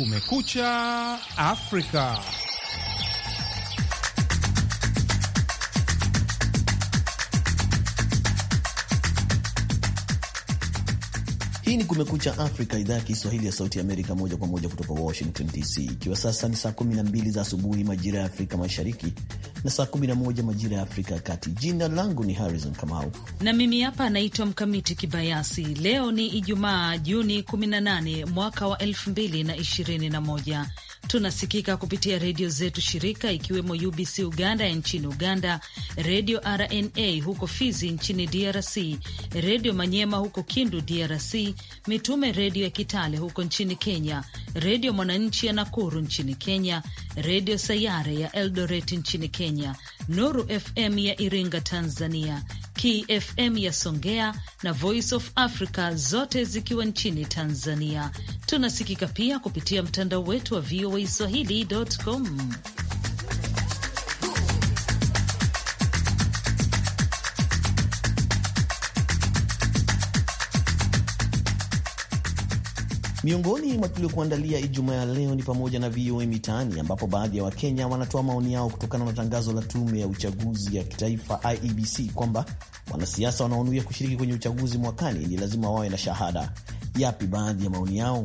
Kumekucha Afrika. Hii ni Kumekucha Afrika, idhaa ya Kiswahili ya Sauti ya Amerika, moja kwa moja kutoka Washington DC, ikiwa sasa ni saa 12 za asubuhi majira ya Afrika Mashariki, na saa 11 majira ya Afrika ya Kati. Jina langu ni Harrison Kamau na mimi hapa anaitwa Mkamiti Kibayasi. Leo ni Ijumaa, Juni 18 mwaka wa 2021. Tunasikika kupitia redio zetu shirika ikiwemo UBC Uganda ya nchini Uganda, redio RNA huko Fizi nchini DRC, redio Manyema huko Kindu DRC, Mitume redio ya Kitale huko nchini Kenya, redio Mwananchi ya Nakuru nchini Kenya, redio Sayare ya Eldoret nchini Kenya, Nuru FM ya Iringa Tanzania, KFM ya Songea na Voice of Africa zote zikiwa nchini Tanzania. Tunasikika pia kupitia mtandao wetu wa VOA Swahili.com. Miongoni mwa tuliokuandalia Ijumaa ya leo ni pamoja na VOA Mitaani, ambapo baadhi ya Wakenya wanatoa maoni yao kutokana na tangazo la tume ya uchaguzi ya kitaifa IEBC kwamba wanasiasa wanaonuia kushiriki kwenye uchaguzi mwakani ni lazima wawe na shahada. Yapi baadhi ya maoni yao?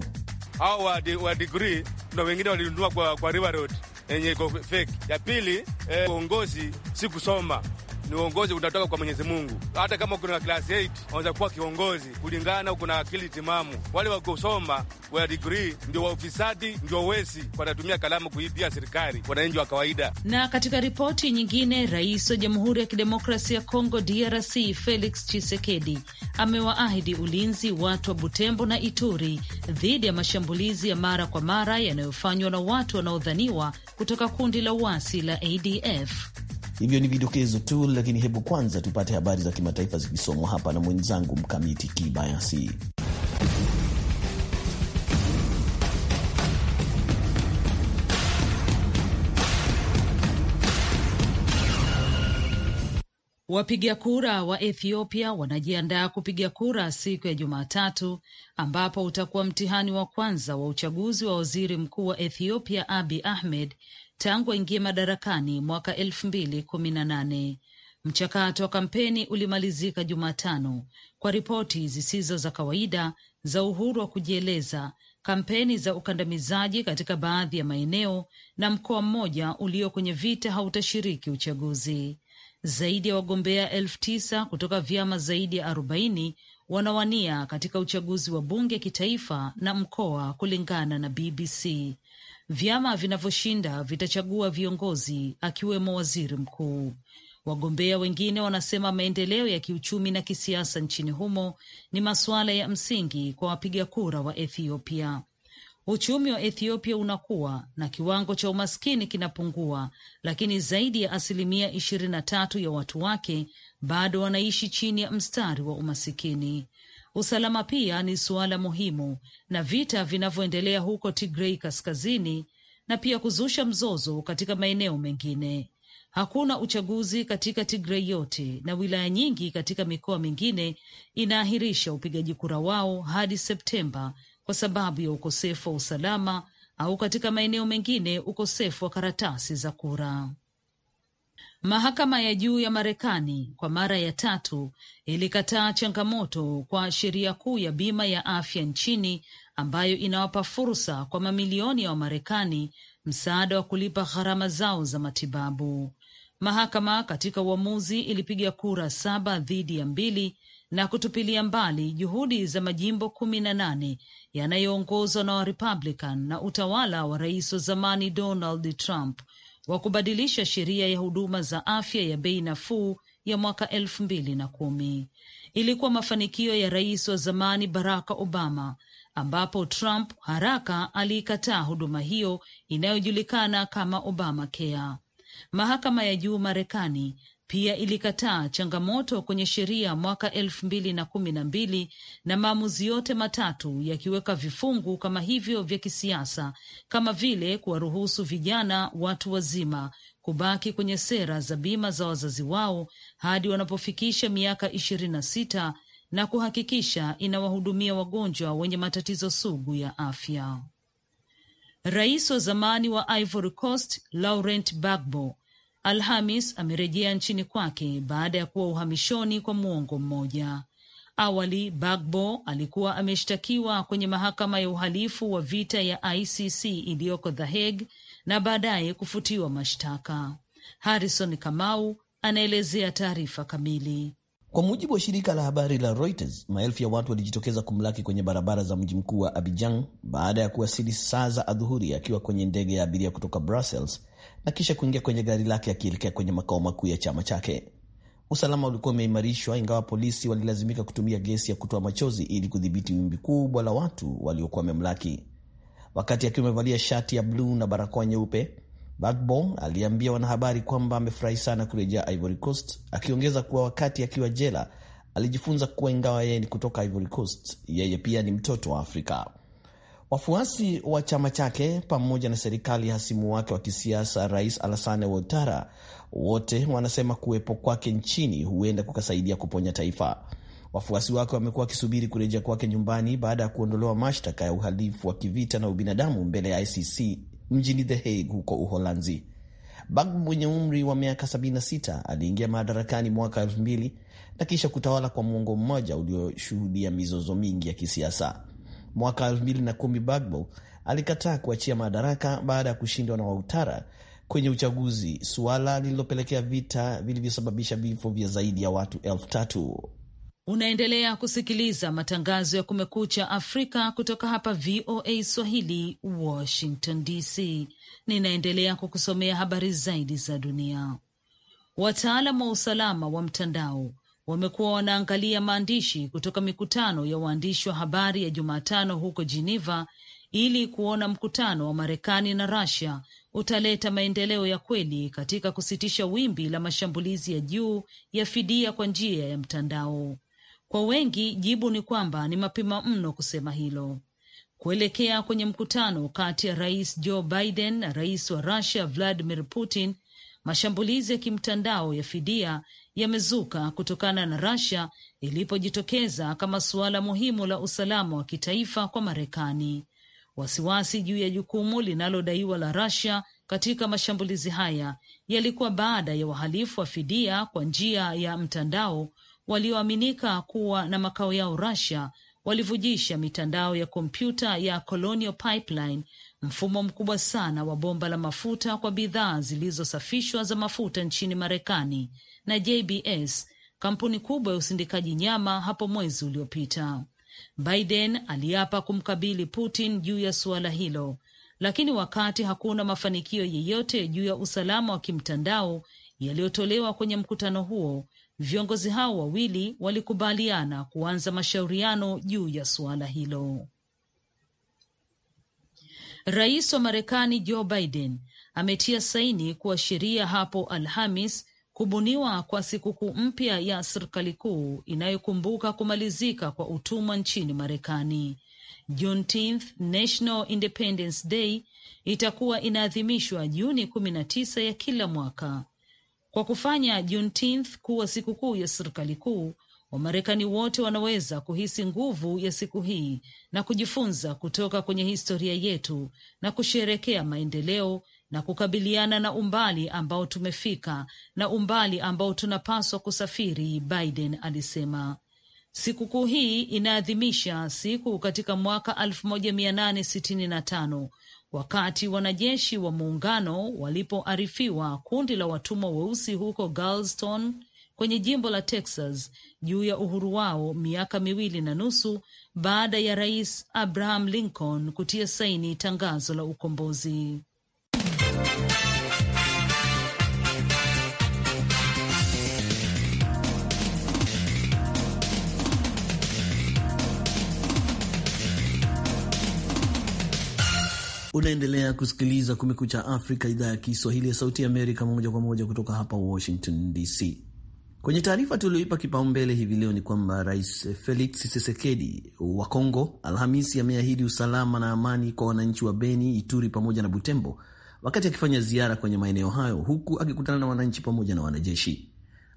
Hao wa digrii wengine walinunua kwa, kwa River Road yenye iko fake. Ya pili, eh, uongozi si kusoma ni uongozi unatoka kwa Mwenyezi Mungu. Hata kama uko na class 8 unaweza kuwa kiongozi kulingana, uko na akili timamu. Wale wakosoma wa degree ndio waufisadi, ndio wesi, wanatumia kalamu kuibia serikali, wananchi wa kawaida. Na katika ripoti nyingine, rais wa Jamhuri ya Kidemokrasia ya Kongo DRC Felix Tshisekedi amewaahidi ulinzi watu wa Butembo na Ituri dhidi ya mashambulizi ya mara kwa mara yanayofanywa na watu wanaodhaniwa kutoka kundi la uasi la ADF. Hivyo ni vidokezo tu, lakini hebu kwanza tupate habari za kimataifa zikisomwa hapa na mwenzangu Mkamiti Kibayasi. Wapiga kura wa Ethiopia wanajiandaa kupiga kura siku ya Jumatatu, ambapo utakuwa mtihani wa kwanza wa uchaguzi wa waziri mkuu wa Ethiopia Abi Ahmed tangu aingie madarakani mwaka elfu mbili kumi na nane. Mchakato wa kampeni ulimalizika Jumatano kwa ripoti zisizo za kawaida za uhuru wa kujieleza, kampeni za ukandamizaji katika baadhi ya maeneo, na mkoa mmoja ulio kwenye vita hautashiriki uchaguzi. Zaidi ya wagombea elfu tisa kutoka vyama zaidi ya arobaini wanawania katika uchaguzi wa bunge kitaifa na mkoa, kulingana na BBC. Vyama vinavyoshinda vitachagua viongozi akiwemo waziri mkuu. Wagombea wengine wanasema maendeleo ya kiuchumi na kisiasa nchini humo ni masuala ya msingi kwa wapiga kura wa Ethiopia. Uchumi wa Ethiopia unakuwa na kiwango cha umaskini kinapungua, lakini zaidi ya asilimia ishirini na tatu ya watu wake bado wanaishi chini ya mstari wa umasikini. Usalama pia ni suala muhimu, na vita vinavyoendelea huko Tigrei kaskazini na pia kuzusha mzozo katika maeneo mengine. Hakuna uchaguzi katika Tigrei yote na wilaya nyingi katika mikoa mingine inaahirisha upigaji kura wao hadi Septemba kwa sababu ya ukosefu wa usalama au katika maeneo mengine ukosefu wa karatasi za kura. Mahakama ya juu ya Marekani kwa mara ya tatu ilikataa changamoto kwa sheria kuu ya bima ya afya nchini ambayo inawapa fursa kwa mamilioni ya Wamarekani msaada wa kulipa gharama zao za matibabu. Mahakama katika uamuzi ilipiga kura saba dhidi ya mbili na kutupilia mbali juhudi za majimbo kumi na nane yanayoongozwa na Warepublican na utawala wa rais wa zamani Donald Trump wa kubadilisha sheria ya huduma za afya ya bei nafuu ya mwaka elfu mbili na kumi. Ilikuwa mafanikio ya rais wa zamani Barack Obama, ambapo Trump haraka aliikataa huduma hiyo inayojulikana kama Obamacare. Mahakama ya juu Marekani pia ilikataa changamoto kwenye sheria mwaka elfu mbili na kumi na mbili na maamuzi yote matatu yakiweka vifungu kama hivyo vya kisiasa kama vile kuwaruhusu vijana watu wazima kubaki kwenye sera za bima za wazazi wao hadi wanapofikisha miaka ishirini na sita na kuhakikisha inawahudumia wagonjwa wenye matatizo sugu ya afya. Rais wa zamani wa Ivory Coast Laurent Gbagbo Alhamis amerejea nchini kwake baada ya kuwa uhamishoni kwa muongo mmoja. Awali Bagbo alikuwa ameshtakiwa kwenye mahakama ya uhalifu wa vita ya ICC iliyoko The Hague na baadaye kufutiwa mashtaka. Harrison Kamau anaelezea taarifa kamili. Kwa mujibu wa shirika la habari la Reuters, maelfu ya watu walijitokeza kumlaki kwenye barabara za mji mkuu wa Abidjan baada ya kuwasili saa za adhuhuri akiwa kwenye ndege ya abiria kutoka Brussels na kisha kuingia kwenye gari lake akielekea kwenye makao makuu ya chama chake. Usalama ulikuwa umeimarishwa ingawa polisi walilazimika kutumia gesi ya kutoa machozi ili kudhibiti wimbi kubwa la watu waliokuwa wamemlaki. Wakati akiwa amevalia shati ya bluu na barakoa nyeupe, Bagbo aliambia wanahabari kwamba amefurahi sana kurejea Ivory Coast, akiongeza kuwa wakati akiwa jela alijifunza kuwa ingawa yeye ni kutoka Ivory Coast, yeye pia ni mtoto wa Afrika. Wafuasi wa chama chake pamoja na serikali ya hasimu wake wa kisiasa Rais Alassane Ouattara wote wanasema kuwepo kwake nchini huenda kukasaidia kuponya taifa. Wafuasi wake wamekuwa wakisubiri kurejea kwake nyumbani baada ya kuondolewa mashtaka ya uhalifu wa kivita na ubinadamu mbele ya ICC mjini The Hague huko Uholanzi. Bagbo mwenye umri wa miaka 76 aliingia madarakani mwaka elfu na kisha kutawala kwa muongo mmoja ulioshuhudia mizozo mingi ya kisiasa mwaka 2010 Bagbo alikataa kuachia madaraka baada ya kushindwa na Wautara kwenye uchaguzi, suala lililopelekea vita vilivyosababisha vifo vya zaidi ya watu elfu tatu. Unaendelea kusikiliza matangazo ya Kumekucha Afrika kutoka hapa VOA Swahili, Washington DC. Ninaendelea kukusomea habari zaidi za dunia. Wataalam wa usalama wa mtandao wamekuwa wanaangalia maandishi kutoka mikutano ya waandishi wa habari ya Jumatano huko Geneva ili kuona mkutano wa Marekani na Russia utaleta maendeleo ya kweli katika kusitisha wimbi la mashambulizi ya juu ya fidia kwa njia ya mtandao. Kwa wengi, jibu ni kwamba ni mapema mno kusema hilo. Kuelekea kwenye mkutano kati ya Rais Joe Biden na rais wa Russia Vladimir Putin, mashambulizi ya kimtandao ya fidia yamezuka kutokana na Russia ilipojitokeza kama suala muhimu la usalama wa kitaifa kwa Marekani. Wasiwasi juu ya jukumu linalodaiwa la Russia katika mashambulizi haya yalikuwa baada ya wahalifu wa fidia kwa njia ya mtandao walioaminika kuwa na makao yao Russia walivujisha mitandao ya kompyuta ya Colonial Pipeline, mfumo mkubwa sana wa bomba la mafuta kwa bidhaa zilizosafishwa za mafuta nchini Marekani na JBS, kampuni kubwa ya usindikaji nyama, hapo mwezi uliopita. Biden aliapa kumkabili Putin juu ya suala hilo, lakini wakati hakuna mafanikio yeyote juu ya usalama wa kimtandao yaliyotolewa kwenye mkutano huo, viongozi hao wawili walikubaliana kuanza mashauriano juu ya suala hilo. Rais wa Marekani Joe Biden ametia saini kuwa sheria hapo Alhamis kubuniwa kwa sikukuu mpya ya serikali kuu inayokumbuka kumalizika kwa utumwa nchini Marekani. Juneteenth, National Independence Day, itakuwa inaadhimishwa Juni kumi na tisa ya kila mwaka. Kwa kufanya Juneteenth kuwa sikukuu ya serikali kuu, Wamarekani wote wanaweza kuhisi nguvu ya siku hii na kujifunza kutoka kwenye historia yetu na kusherekea maendeleo na kukabiliana na umbali ambao tumefika na umbali ambao tunapaswa kusafiri, Biden alisema. Sikukuu hii inaadhimisha siku katika mwaka 1865 wakati wanajeshi wa muungano walipoarifiwa kundi la watumwa weusi huko Galveston kwenye jimbo la Texas juu ya uhuru wao miaka miwili na nusu baada ya Rais Abraham Lincoln kutia saini tangazo la ukombozi. Unaendelea kusikiliza Kumekucha Afrika, idhaa ya Kiswahili ya Sauti ya Amerika, moja kwa moja kutoka hapa Washington DC. Kwenye taarifa tulioipa kipaumbele hivi leo ni kwamba Rais Felix Tshisekedi wa Kongo Alhamisi ameahidi usalama na amani kwa wananchi wa Beni, Ituri pamoja na Butembo wakati akifanya ziara kwenye maeneo hayo huku akikutana na wananchi pamoja na wanajeshi.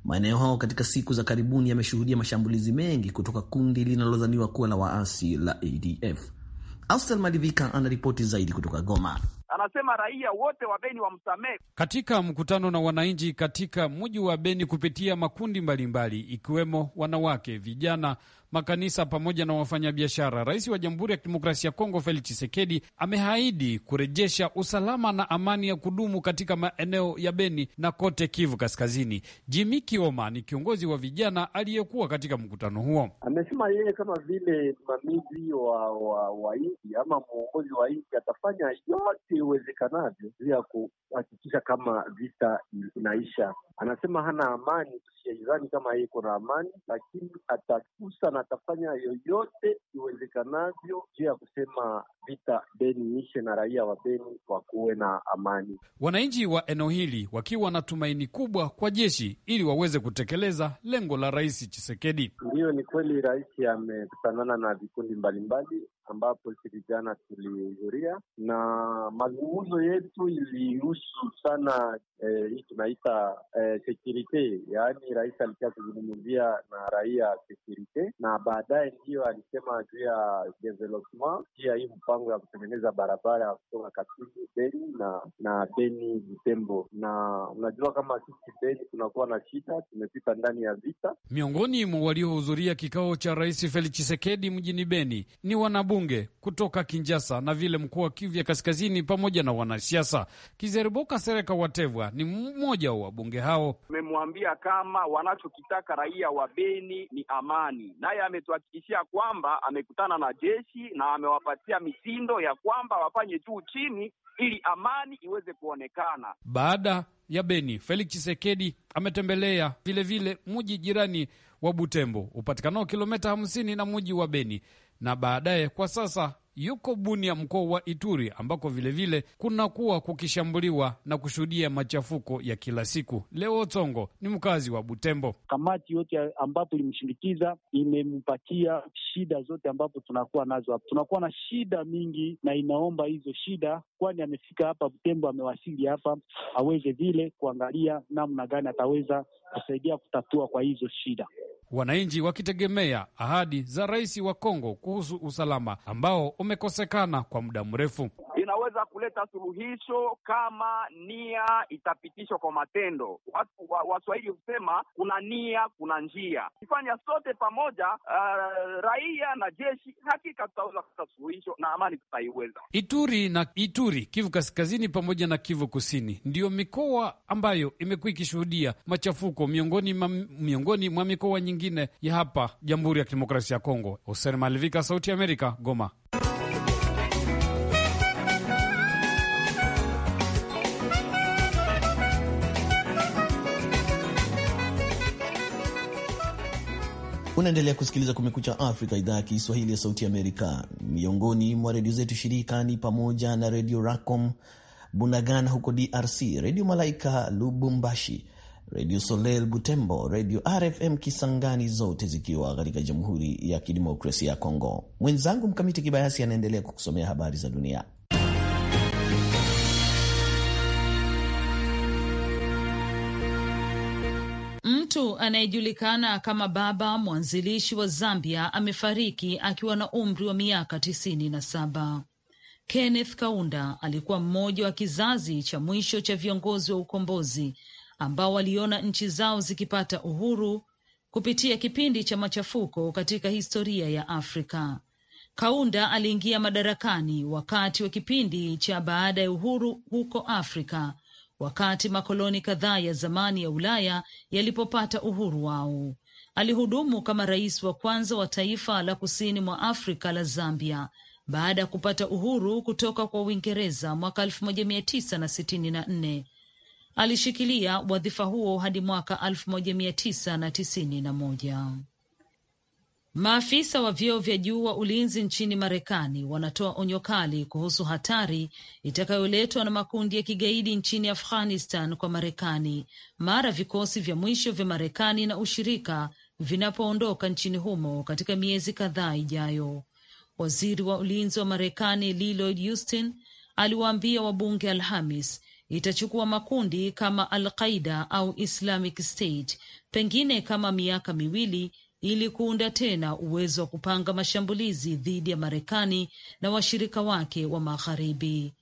Maeneo hayo katika siku za karibuni yameshuhudia mashambulizi mengi kutoka kundi linalodhaniwa kuwa la waasi la ADF. Austel Malivika anaripoti zaidi kutoka Goma. Anasema raia wote wa Beni wamsamehe. Katika mkutano na wananchi katika mji wa Beni kupitia makundi mbalimbali, ikiwemo wanawake, vijana makanisa pamoja na wafanyabiashara. Rais wa Jamhuri ya Kidemokrasia ya Kongo Felix Tshisekedi ameahidi kurejesha usalama na amani ya kudumu katika maeneo ya Beni na kote Kivu Kaskazini. Jimi Kioma ni kiongozi wa vijana aliyekuwa katika mkutano huo, amesema yeye kama vile msimamizi wa, wa, wa nchi ama mwongozi wa nchi atafanya yote iwezekanavyo juu ya kuhakikisha kama vita inaisha. Anasema hana amani, tusiaizani kama iko na amani, lakini atakusa na atafanya yoyote iwezekanavyo juu ya kusema vita Beni ishe na raia wa Beni wakuwe na amani. Wananchi wa eneo hili wakiwa na tumaini kubwa kwa jeshi ili waweze kutekeleza lengo la Rais Chisekedi. Ndiyo, ni kweli rais amekutanana na vikundi mbalimbali ambapo sisi vijana tulihudhuria na mazungumzo yetu ilihusu sana eh, hii e, tunaita e, eh, sekurite, yaani rais alikuwa akizungumzia na raia sekurite, na baadaye ndiyo alisema juu ya development, pia hii mpango ya kutengeneza barabara ya kutoka Kasindi Beni na na Beni Vitembo. Na unajua kama sisi Beni tunakuwa na shida, tumepita ndani ya vita. Miongoni mwa waliohudhuria kikao cha Rais Felix Tshisekedi mjini Beni ni wanabu wabunge kutoka Kinjasa na vile mkuu wa Kivu ya Kaskazini pamoja na wanasiasa. Kizeriboka Sereka Watevwa ni mmoja wa wabunge hao. Amemwambia kama wanachokitaka raia wa Beni ni amani, naye ametuhakikishia kwamba amekutana na jeshi na amewapatia mitindo ya kwamba wafanye juu chini ili amani iweze kuonekana. Baada ya Beni, Felix Chisekedi ametembelea vilevile mji jirani wa Butembo upatikanao kilometa hamsini na mji wa Beni na baadaye kwa sasa yuko Bunia, mkoa wa Ituri, ambako vilevile kunakuwa kukishambuliwa na kushuhudia machafuko ya kila siku. Leo Tsongo ni mkazi wa Butembo. Kamati yote ambapo ilimshindikiza imempatia shida zote ambapo tunakuwa nazo hapa, tunakuwa na shida mingi na inaomba hizo shida, kwani amefika hapa Butembo, amewasili hapa aweze vile kuangalia namna gani ataweza kusaidia kutatua kwa hizo shida wananchi wakitegemea ahadi za rais wa Kongo kuhusu usalama ambao umekosekana kwa muda mrefu inaweza kuleta suluhisho kama nia itapitishwa kwa matendo. Watu wa, Waswahili husema kuna nia kuna njia. Kifanya sote pamoja, uh, raia na jeshi, hakika tutaweza kuleta suluhisho na amani tutaiweza. Ituri na Ituri, Kivu Kaskazini pamoja na Kivu Kusini ndiyo mikoa ambayo imekuwa ikishuhudia machafuko miongoni mwa miongoni mwa mikoa nyingine ya hapa Jamhuri ya Kidemokrasia ya Kongo. Hosen Malivika, Sauti ya Amerika, Goma. Unaendelea kusikiliza Kumekucha Afrika, idhaa ya Kiswahili ya Sauti Amerika. Miongoni mwa redio zetu shirika ni pamoja na Redio Racom Bunagana huko DRC, Redio Malaika Lubumbashi, Redio Soleil Butembo, Redio RFM Kisangani, zote zikiwa katika Jamhuri ya Kidemokrasia ya Kongo. Mwenzangu Mkamiti Kibayasi anaendelea kukusomea habari za dunia. Mtu anayejulikana kama Baba, mwanzilishi wa Zambia, amefariki akiwa na umri wa miaka tisini na saba. Kenneth Kaunda alikuwa mmoja wa kizazi cha mwisho cha viongozi wa ukombozi ambao waliona nchi zao zikipata uhuru kupitia kipindi cha machafuko katika historia ya Afrika. Kaunda aliingia madarakani wakati wa kipindi cha baada ya uhuru huko Afrika wakati makoloni kadhaa ya zamani ya Ulaya yalipopata uhuru wao. Alihudumu kama rais wa kwanza wa taifa la kusini mwa Afrika la Zambia baada ya kupata uhuru kutoka kwa Uingereza mwaka 1964. Alishikilia wadhifa huo hadi mwaka 1991. Maafisa wa vyeo vya juu wa ulinzi nchini Marekani wanatoa onyo kali kuhusu hatari itakayoletwa na makundi ya kigaidi nchini Afghanistan kwa Marekani mara vikosi vya mwisho vya Marekani na ushirika vinapoondoka nchini humo katika miezi kadhaa ijayo. Waziri wa ulinzi wa Marekani Lloyd Austin aliwaambia wabunge Alhamis itachukua makundi kama Al Qaida au Islamic State pengine kama miaka miwili ili kuunda tena uwezo wa kupanga mashambulizi dhidi ya Marekani na washirika wake wa Magharibi.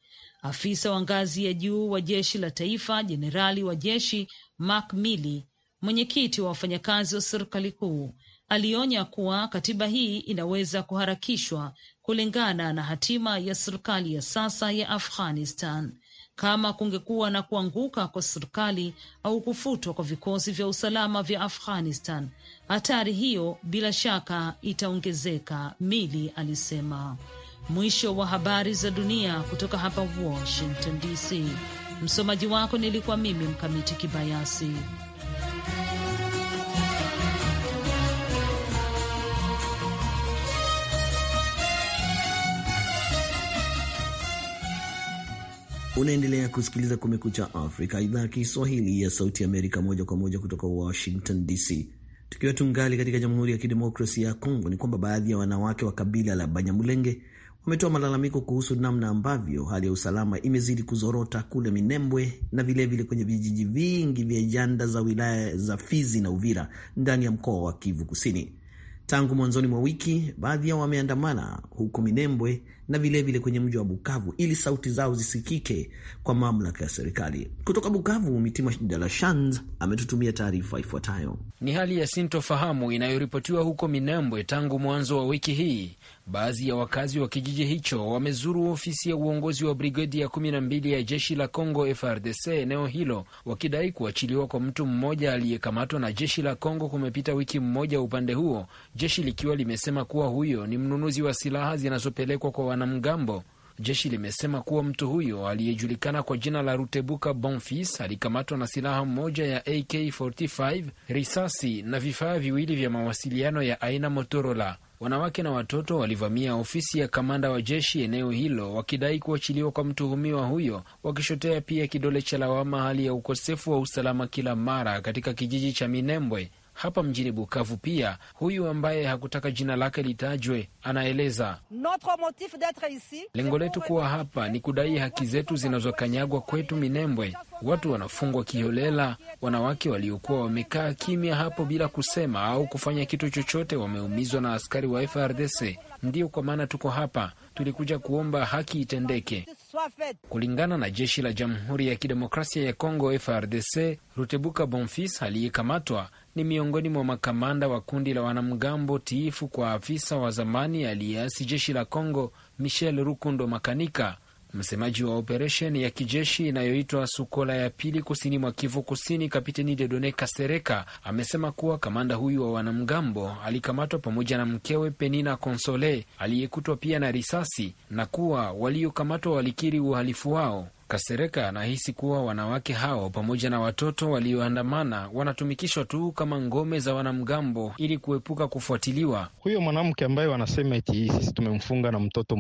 Afisa wa ngazi ya juu wa jeshi la taifa, jenerali wa jeshi Mark Milley, mwenyekiti wa wafanyakazi wa serikali kuu, alionya kuwa katiba hii inaweza kuharakishwa kulingana na hatima ya serikali ya sasa ya Afghanistan kama kungekuwa na kuanguka kwa serikali au kufutwa kwa vikosi vya usalama vya Afghanistan, hatari hiyo bila shaka itaongezeka, Mili alisema. Mwisho wa habari za dunia kutoka hapa Washington DC. Msomaji wako nilikuwa mimi Mkamiti Kibayasi. Unaendelea kusikiliza Kumekucha Afrika, idhaa ya Kiswahili ya Sauti Amerika, moja kwa moja kutoka Washington DC. Tukiwa tungali katika Jamhuri ya Kidemokrasia ya Kongo, ni kwamba baadhi ya wanawake wa kabila la Banyamulenge wametoa malalamiko kuhusu namna ambavyo hali ya usalama imezidi kuzorota kule Minembwe na vilevile vile kwenye vijiji vingi vya janda za wilaya za Fizi na Uvira ndani ya mkoa wa Kivu Kusini. Tangu mwanzoni mwa wiki, baadhi yao wameandamana huko Minembwe na vilevile vile kwenye mji wa Bukavu ili sauti zao zisikike kwa mamlaka ya serikali. Kutoka Bukavu, Mitima Dalashanz ametutumia taarifa ifuatayo. Ni hali ya sintofahamu inayoripotiwa huko Minembwe tangu mwanzo wa wiki hii Baadhi ya wakazi wa kijiji hicho wamezuru ofisi ya uongozi wa brigedi ya kumi na mbili ya jeshi la Congo FRDC eneo hilo wakidai kuachiliwa kwa mtu mmoja aliyekamatwa na jeshi la Congo kumepita wiki mmoja, upande huo jeshi likiwa limesema kuwa huyo ni mnunuzi wa silaha zinazopelekwa kwa wanamgambo. Jeshi limesema kuwa mtu huyo aliyejulikana kwa jina la Rutebuka Bonfis alikamatwa na silaha moja ya AK45, risasi na vifaa viwili vya mawasiliano ya aina Motorola wanawake na watoto walivamia ofisi ya kamanda wa jeshi eneo hilo wakidai kuachiliwa kwa mtuhumiwa huyo, wakishotea pia kidole cha lawama hali ya ukosefu wa usalama kila mara katika kijiji cha Minembwe hapa mjini Bukavu. Pia huyu ambaye hakutaka jina lake litajwe anaeleza lengo letu kuwa hapa ni kudai haki zetu zinazokanyagwa kwetu Minembwe. Watu wanafungwa kiholela, wanawake waliokuwa wamekaa kimya hapo bila kusema au kufanya kitu chochote wameumizwa na askari wa frdc Ndiyo kwa maana tuko hapa, tulikuja kuomba haki itendeke. Kulingana na jeshi la Jamhuri ya Kidemokrasia ya Kongo, frdc Rutebuka Bonfils aliyekamatwa ni miongoni mwa makamanda wa kundi la wanamgambo tiifu kwa afisa wa zamani aliyeasi jeshi la congo Michel Rukundo Makanika. Msemaji wa operesheni ya kijeshi inayoitwa Sukola ya pili kusini mwa Kivu Kusini, Kapiteni Dedone Kasereka amesema kuwa kamanda huyu wa wanamgambo alikamatwa pamoja na mkewe Penina Konsole aliyekutwa pia na risasi na kuwa waliokamatwa walikiri uhalifu wao. Kasereka anahisi kuwa wanawake hao pamoja na watoto walioandamana wanatumikishwa tu kama ngome za wanamgambo ili kuepuka kufuatiliwa. Huyo mwanamke ambaye wanasema eti sisi tumemfunga na mtoto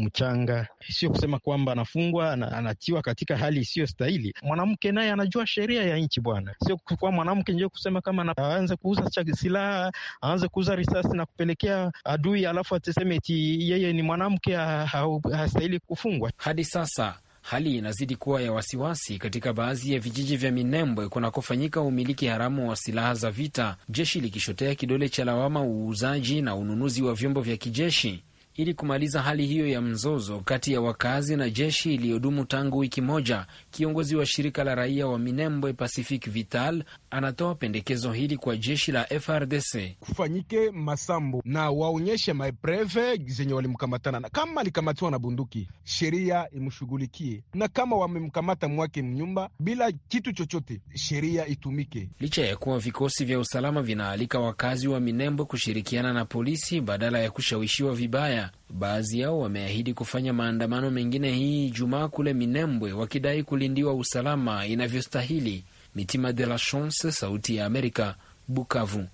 mchanga, sio kusema kwamba anafungwa, anatiwa katika hali isiyo stahili. Mwanamke naye anajua sheria ya nchi bwana, sio kwa mwanamke ndio kusema kama aanze kuuza silaha, aanze kuuza risasi na kupelekea adui, alafu atiseme eti yeye ni mwanamke hastahili kufungwa. Hadi sasa hali inazidi kuwa ya wasiwasi katika baadhi ya vijiji vya Minembwe kunakofanyika umiliki haramu wa silaha za vita, jeshi likishotea kidole cha lawama uuzaji na ununuzi wa vyombo vya kijeshi ili kumaliza hali hiyo ya mzozo kati ya wakazi na jeshi iliyodumu tangu wiki moja. Kiongozi wa shirika la raia wa Minembwe Pacific Vital anatoa pendekezo hili kwa jeshi la FRDC: kufanyike masambo na waonyeshe maepreve zenye walimkamatana, na kama alikamatiwa na bunduki sheria imshughulikie, na kama wamemkamata mwake mnyumba bila kitu chochote sheria itumike. Licha ya kuwa vikosi vya usalama vinaalika wakazi wa Minembwe kushirikiana na polisi badala ya kushawishiwa vibaya haya. Baadhi yao wameahidi kufanya maandamano mengine hii Ijumaa kule Minembwe, wakidai kulindiwa usalama inavyostahili. Mitima de la Chance, Sauti ya Amerika, Bukavu.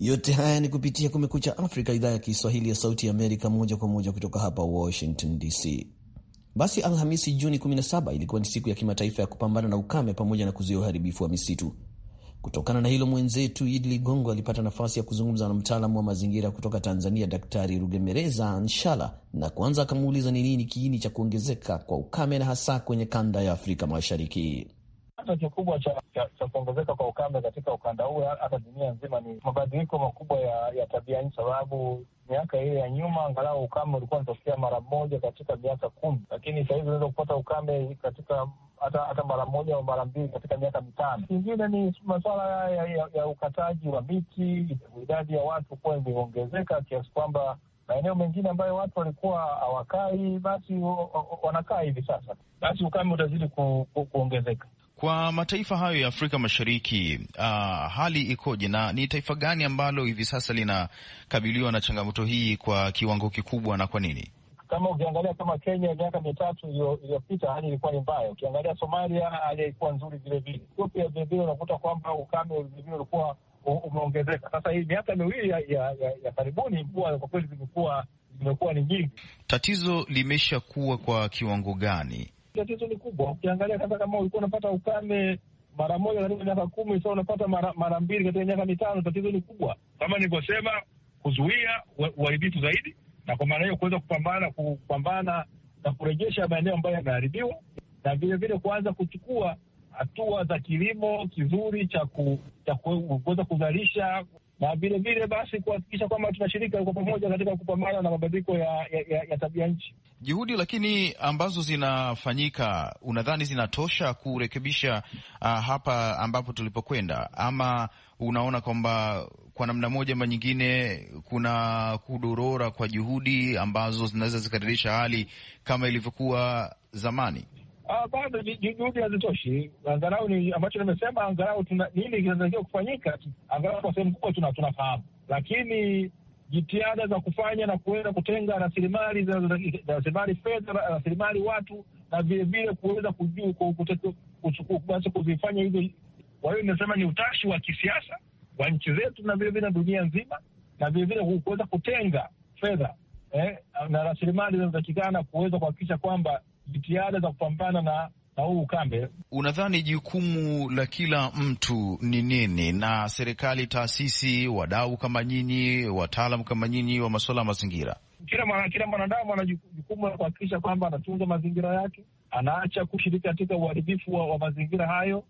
Yote haya ni kupitia Kumekucha Afrika, idhaa ya Kiswahili ya Sauti ya Amerika, moja kwa moja kutoka hapa Washington DC. Basi Alhamisi Juni 17 ilikuwa ni siku ya kimataifa ya kupambana na ukame pamoja na kuzuia uharibifu wa misitu. Kutokana na hilo, mwenzetu Idi Ligongo alipata nafasi ya kuzungumza na mtaalamu wa mazingira kutoka Tanzania, Daktari Rugemereza Nshala, na kwanza akamuuliza ni nini kiini cha kuongezeka kwa ukame na hasa kwenye kanda ya Afrika Mashariki. Chanzo kikubwa cha, cha, cha kuongezeka kwa ukame katika ukanda huu hata dunia nzima ni mabadiliko makubwa ya, ya tabia nchi, sababu miaka ile ya nyuma angalau ukame ulikuwa unatokea mara moja katika miaka kumi, lakini sahizi unaweza kupata ukame katika hata hata mara moja au mara mbili katika miaka mitano. Kingine ni masuala ya, ya, ya ukataji wa miti, idadi ya watu kuwa imeongezeka kiasi kwamba maeneo mengine ambayo watu walikuwa hawakai basi wanakaa hivi sasa, basi ukame utazidi ku, ku, kuongezeka. Kwa mataifa hayo ya Afrika Mashariki, uh, hali ikoje na ni taifa gani ambalo hivi sasa linakabiliwa na changamoto hii kwa kiwango kikubwa na kwa nini? Kama ukiangalia kama Kenya miaka mitatu iliyopita hali ilikuwa ni mbaya. Ukiangalia Somalia hali ilikuwa nzuri vilevile. Ethiopia vilevile unakuta kwamba ukame vilevile ulikuwa umeongezeka. Sasa hii miaka miwili ya, ya, ya, ya karibuni mvua kwa kweli zimekuwa zimekuwa ni nyingi. Tatizo limeshakuwa kwa kiwango gani? tatizo ni kubwa. Ukiangalia hata kama ulikuwa unapata ukame mara moja katika miaka kumi, sasa unapata mara, mara mbili katika miaka mitano. Tatizo ni kubwa, kama nilivyosema, kuzuia uharibifu zaidi, na kwa maana hiyo kuweza kupambana kupambana na kurejesha maeneo ambayo yameharibiwa, na vilevile kuanza kuchukua hatua za kilimo kizuri cha kuweza kuzalisha na vile basi kuhakikisha kwamba tunashirika kwa pamoja katika kupambana na mabadiliko ya, ya, ya, ya tabia nchi. Juhudi lakini ambazo zinafanyika unadhani zinatosha kurekebisha uh, hapa ambapo tulipokwenda, ama unaona kwamba kwa namna moja ama nyingine kuna kudorora kwa juhudi ambazo zinaweza zikadirisha hali kama ilivyokuwa zamani? Ah, bado juhudi hazitoshi. Angalau ni ambacho nimesema, angalau tuna nini kinatakiwa kufanyika, angalau kwa sehemu kubwa tuna tunafahamu, lakini jitihada za kufanya na kuweza kutenga rasilimali rasilimali fedha, rasilimali watu na vilevile kuweza basi kuzifanya hizo. Kwa hiyo nimesema ni utashi wa kisiasa wa nchi zetu na vilevile na dunia nzima na vilevile kuweza kutenga fedha eh, na rasilimali zinazotakikana kuweza kuhakikisha kwamba jitihada za kupambana na na huu ukambe. Unadhani jukumu la kila mtu ni nini, na serikali, taasisi, wadau kama nyinyi, wataalam kama nyinyi wa masuala ya mazingira? Kila kila mwanadamu ana jukumu la kuhakikisha kwamba anatunza mazingira yake, anaacha kushiriki katika uharibifu wa, wa mazingira hayo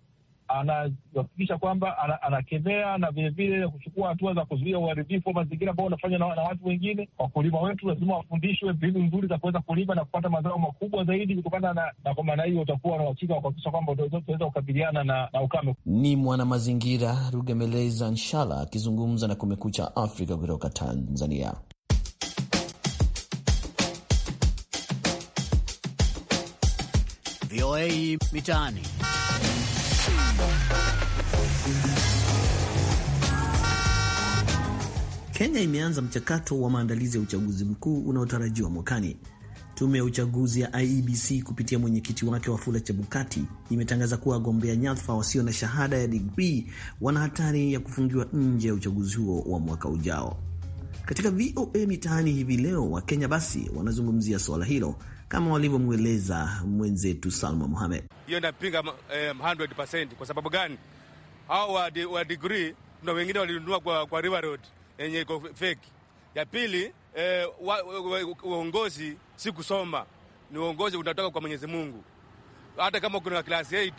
anahakikisha kwamba anakemea na vilevile kuchukua hatua za kuzuia uharibifu wa mazingira ambao unafanywa na, na watu wengine. Wakulima wetu lazima wafundishwe mbinu nzuri za kuweza kulima na kupata mazao makubwa zaidi kutokana na, na kwa maana hiyo utakuwa na uhakika wa kuhakikisha kwamba utaweza kukabiliana na, na ukame. Ni mwanamazingira Rugemeleza Nshala akizungumza na Kumekucha Afrika kutoka Tanzania. VOA Mitaani. Kenya imeanza mchakato wa maandalizi ya uchaguzi mkuu unaotarajiwa mwakani. Tume ya uchaguzi ya IEBC kupitia mwenyekiti wake Wafula Chebukati imetangaza kuwa wagombea nyadhifa wasio na shahada ya digrii wana hatari ya kufungiwa nje ya uchaguzi huo wa mwaka ujao. Katika VOA Mitaani hivi leo, Wakenya basi wanazungumzia suala hilo kama walivyomweleza mwenzetu Salma muhamed Hiyo napinga 100%. Eh, kwa sababu gani? Hao wa degree na wengine walinunua kwa, kwa River Road yenye iko feki. Ya pili eh, uongozi si kusoma, ni uongozi unatoka kwa Mwenyezi Mungu. Hata kama kuna class 8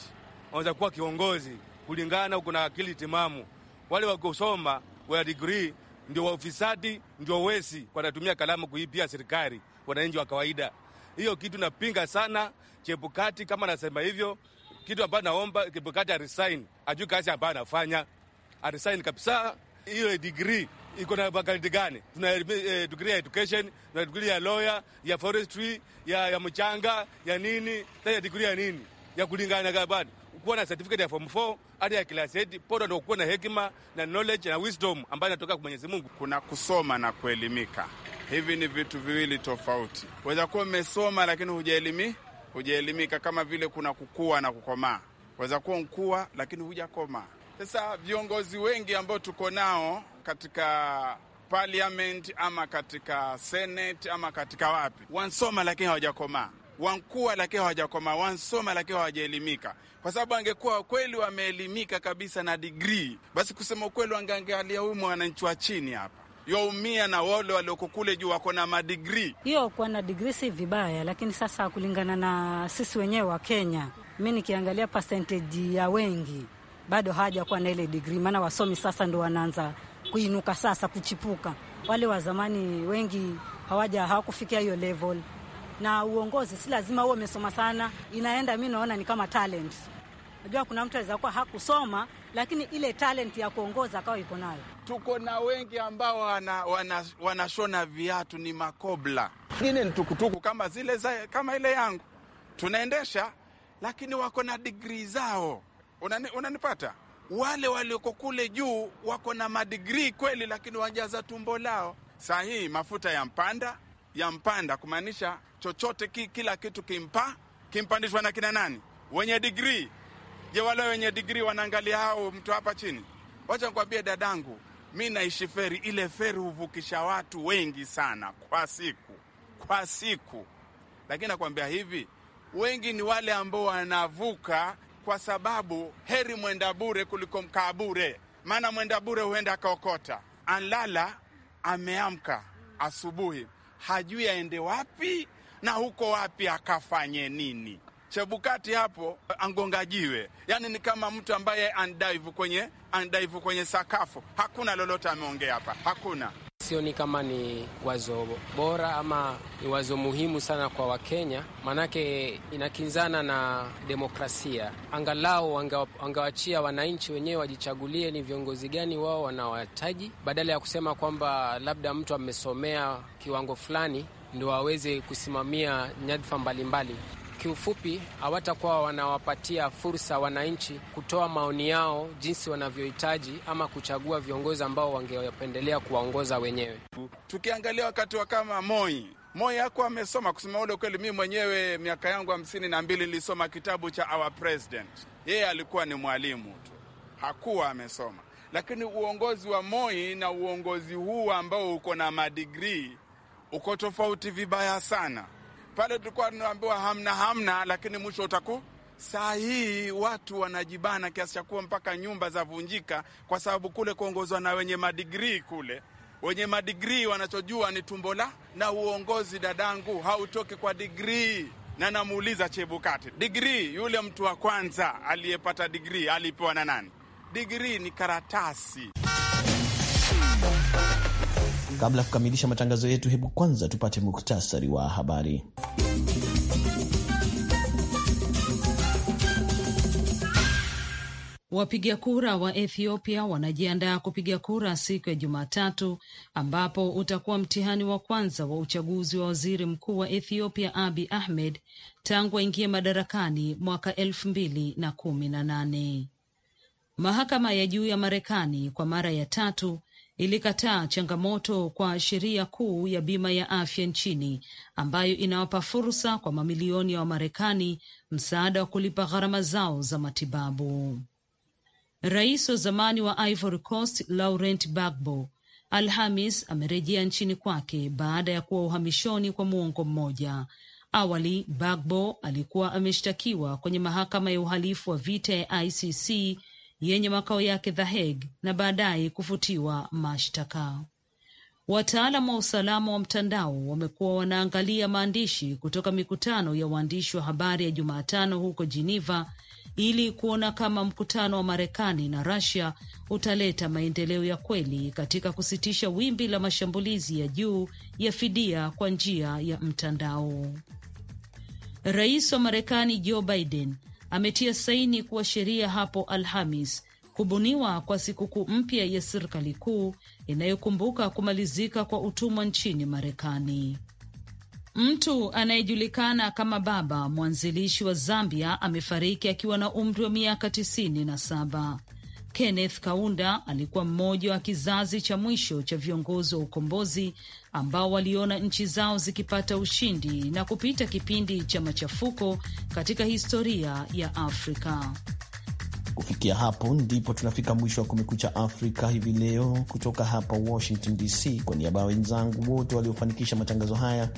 unaweza kuwa kiongozi kulingana, na akili timamu. Wale wakusoma wa degree ndio waufisadi, ndio wesi, wanatumia kalamu kuipia serikali, wananchi wa kawaida. Hiyo kitu napinga sana. Chebukati kama anasema hivyo, kitu ambayo naomba Chebukati aresign, ajue kazi ambayo anafanya, aresign kabisa. Hiyo degree iko na vakaliti gani? Tuna eh, degree ya education, tuna degree ya lawyer, ya forestry, ya, ya mchanga ya nini, taya degree ya nini ya kulingana gabani kuwa na certificate ya form 4 hadi ya class 8 bora ndio kuwa na hekima na knowledge na wisdom ambayo inatoka kwa Mwenyezi Mungu. Kuna kusoma na kuelimika. Hivi ni vitu viwili tofauti. Waweza kuwa umesoma lakini hujaelimi hujaelimika, kama vile kuna kukua na kukomaa. Waweza kuwa mkua lakini hujakoma Sasa viongozi wengi ambao tuko nao katika parliament ama katika senate ama katika wapi, wansoma lakini hawajakomaa, wankua lakini hawajakomaa, wansoma lakini hawajaelimika. Kwa sababu angekuwa kweli wameelimika kabisa na digrii, basi kusema ukweli, wangeangalia huyu mwananchi wa chini hapa youmia na wale walioko kule juu wako na madigri Hiyo kuwa na digri si vibaya, lakini sasa kulingana na sisi wenyewe wa Kenya, mi nikiangalia percentage ya wengi bado hawajakuwa na ile digri maana wasomi sasa ndo wanaanza kuinuka sasa kuchipuka. Wale wa zamani wengi hawaja hawakufikia hiyo level, na uongozi si lazima huo umesoma sana, inaenda mi naona ni kama talent. Najua kuna mtu aweza kuwa hakusoma lakini ile talent ya kuongoza akawa iko nayo. Tuko na wengi ambao wanashona wana, wana viatu ni makobla, ingine ni tukutuku kama zile za, kama ile yangu tunaendesha, lakini wako na digrii zao. unanipata? Wale walioko kule juu wako na madigrii kweli, lakini wajaza tumbo lao. Saa hii mafuta ya mpanda ya mpanda, kumaanisha chochote ki, kila kitu kimpa kimpandishwa na kina nani wenye digrii Je, wale wenye digrii wanaangalia hao mtu hapa chini? Wacha nikwambie dadangu, mi naishi feri. Ile feri huvukisha watu wengi sana kwa siku kwa siku, lakini nakwambia hivi, wengi ni wale ambao wanavuka kwa sababu heri mwenda bure kuliko mkaa bure, maana mwenda bure huenda akaokota. Anlala ameamka asubuhi, hajui aende wapi na huko wapi akafanye nini. Chebukati hapo angongajiwe, yani ni kama mtu ambaye andaivu kwenye andaivu kwenye sakafu. Hakuna lolote ameongea hapa, hakuna. Sioni kama ni wazo bora ama ni wazo muhimu sana kwa Wakenya, maanake inakinzana na demokrasia. Angalau wangewachia wananchi wenyewe wajichagulie ni viongozi gani wao wanawahitaji, badala ya kusema kwamba labda mtu amesomea kiwango fulani ndo aweze kusimamia nyadhifa mbalimbali kiufupi hawatakuwa wanawapatia fursa wananchi kutoa maoni yao jinsi wanavyohitaji ama kuchagua viongozi ambao wangewapendelea kuwaongoza wenyewe. Tukiangalia wakati wa kama Moi Moi hakuwa amesoma. Kusema ule kweli, mi mwenyewe miaka yangu hamsini na mbili nilisoma kitabu cha Our President. Yeye alikuwa ni mwalimu tu, hakuwa amesoma. Lakini uongozi wa Moi na uongozi huu ambao uko na madigrii uko tofauti vibaya sana. Pale tulikuwa tunaambiwa hamna hamna, lakini mwisho utaku saa hii watu wanajibana kiasi cha kuwa mpaka nyumba zavunjika, kwa sababu kule kuongozwa na wenye madigrii kule wenye madigrii wanachojua ni tumbo la na uongozi. Dadangu hautoki kwa digrii, na namuuliza Chebukati, digrii yule mtu wa kwanza aliyepata digrii alipewa na nani? Digrii ni karatasi. Kabla ya kukamilisha matangazo yetu, hebu kwanza tupate muktasari wa habari. Wapiga kura wa Ethiopia wanajiandaa kupiga kura siku ya Jumatatu, ambapo utakuwa mtihani wa kwanza wa uchaguzi wa waziri mkuu wa Ethiopia Abi Ahmed tangu aingie madarakani mwaka elfu mbili na kumi na nane. Mahakama ya juu ya Marekani kwa mara ya tatu ilikataa changamoto kwa sheria kuu ya bima ya afya nchini ambayo inawapa fursa kwa mamilioni ya Wamarekani msaada wa kulipa gharama zao za matibabu. Rais wa zamani wa Ivory Coast Laurent Gbagbo Alhamis amerejea nchini kwake baada ya kuwa uhamishoni kwa muongo mmoja. Awali Bagbo alikuwa ameshtakiwa kwenye mahakama ya uhalifu wa vita ya ICC yenye makao yake The Hague na baadaye kufutiwa mashtaka. Wataalam wa usalama wa mtandao wamekuwa wanaangalia maandishi kutoka mikutano ya waandishi wa habari ya Jumatano huko Geneva ili kuona kama mkutano wa Marekani na rasia utaleta maendeleo ya kweli katika kusitisha wimbi la mashambulizi ya juu ya fidia kwa njia ya mtandao. Rais wa Marekani Joe Biden ametia saini kuwa sheria hapo Alhamis kubuniwa kwa sikukuu mpya ya serikali kuu inayokumbuka kumalizika kwa utumwa nchini Marekani. Mtu anayejulikana kama Baba, mwanzilishi wa Zambia, amefariki akiwa na umri wa miaka tisini na saba. Kenneth Kaunda alikuwa mmoja wa kizazi cha mwisho cha viongozi wa ukombozi ambao waliona nchi zao zikipata ushindi na kupita kipindi cha machafuko katika historia ya Afrika. Kufikia hapo ndipo tunafika mwisho wa Kumekucha Afrika hivi leo, kutoka hapa Washington DC. Kwa niaba ya wenzangu wote waliofanikisha matangazo haya,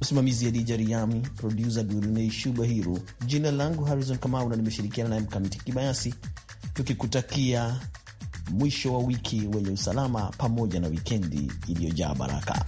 msimamizi Adija Riami, produsa Durnei Shubahiru, jina langu Harrison Kamau na nimeshirikiana naye Mkamiti Kibayasi tukikutakia mwisho wa wiki wenye usalama pamoja na wikendi iliyojaa baraka.